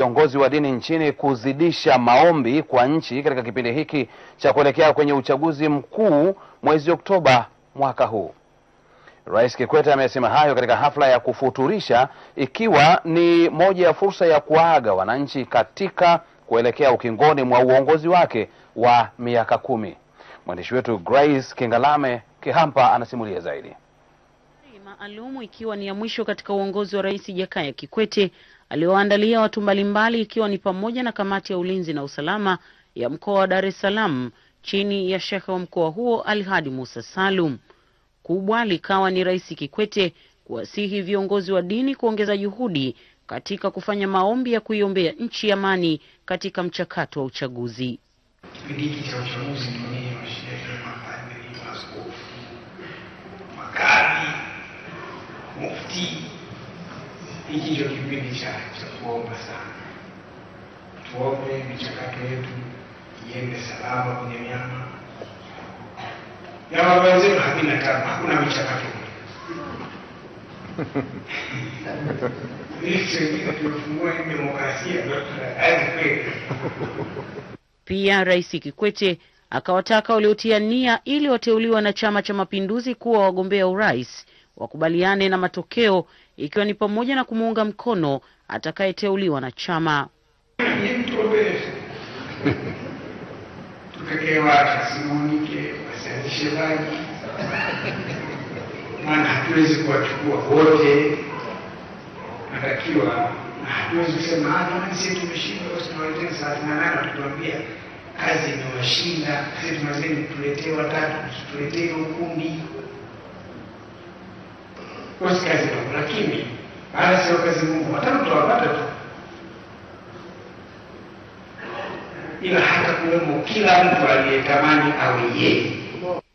viongozi wa dini nchini kuzidisha maombi kwa nchi katika kipindi hiki cha kuelekea kwenye uchaguzi mkuu mwezi Oktoba mwaka huu. Rais Kikwete amesema hayo katika hafla ya kufuturisha ikiwa ni moja ya fursa ya kuaga wananchi katika kuelekea ukingoni mwa uongozi wake wa miaka kumi. Mwandishi wetu Grace Kingalame Kihampa anasimulia zaidi. Maalumu ikiwa ni ya mwisho katika uongozi wa Rais Jakaya Kikwete aliyoandalia watu mbalimbali, ikiwa ni pamoja na kamati ya ulinzi na usalama ya mkoa wa Dar es Salaam chini ya shekhe wa mkoa huo Alhadi Musa Salum. Kubwa likawa ni Rais Kikwete kuwasihi viongozi wa dini kuongeza juhudi katika kufanya maombi ya kuiombea nchi ya amani katika mchakato wa uchaguzi. Kipindi hiki cha uchaguzi hiki ndio kipindi cha kuomba sana. Tuombe michakato yetu iende salama kwenye vyama. Vyama vyenzetu havina tabu, hakuna michakato Pia Rais Kikwete akawataka waliotia nia ili wateuliwa na Chama cha Mapinduzi kuwa wagombea urais wakubaliane na matokeo ikiwa ni pamoja na kumuunga mkono atakayeteuliwa na chama. Maana hatuwezi kuwachukua wote, natakiwa na hatuwezi kusema jamani, sisi tumeshindwa, thelathini na nane watutuambia kazi imewashinda, sisi tunazeni tuletee watatu, tuletee ukumi, basi kazi lakini haya sio kazi ngumu, hata mtu mtawapata tu, ila hata kuwemo kila mtu aliyetamani awe yeye.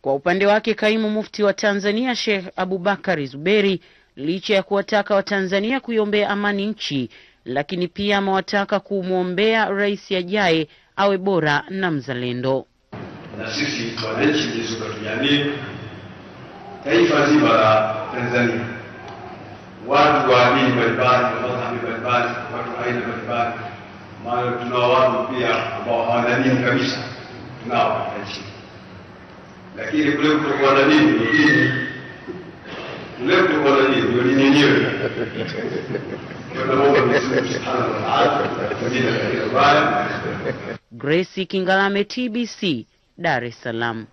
Kwa upande wake kaimu mufti wa Tanzania Sheikh Abubakari Zuberi, licha ya kuwataka Watanzania kuiombea amani nchi, lakini pia amewataka kumwombea rais ajaye awe bora na mzalendo. Na sisi wananchi, Yesu katujalie taifa zima la Tanzania watu waamini mbalimbali, madhambi mbalimbali, watu aina mbalimbali, maana tunao watu pia ambao hawana dini kabisa, tunao katika nchi. Lakini kule kutokuwa na dini ndio dini, kule kutokuwa na dini ndio dini yenyewe. Grace Kingalame, TBC, Dar es Salaam.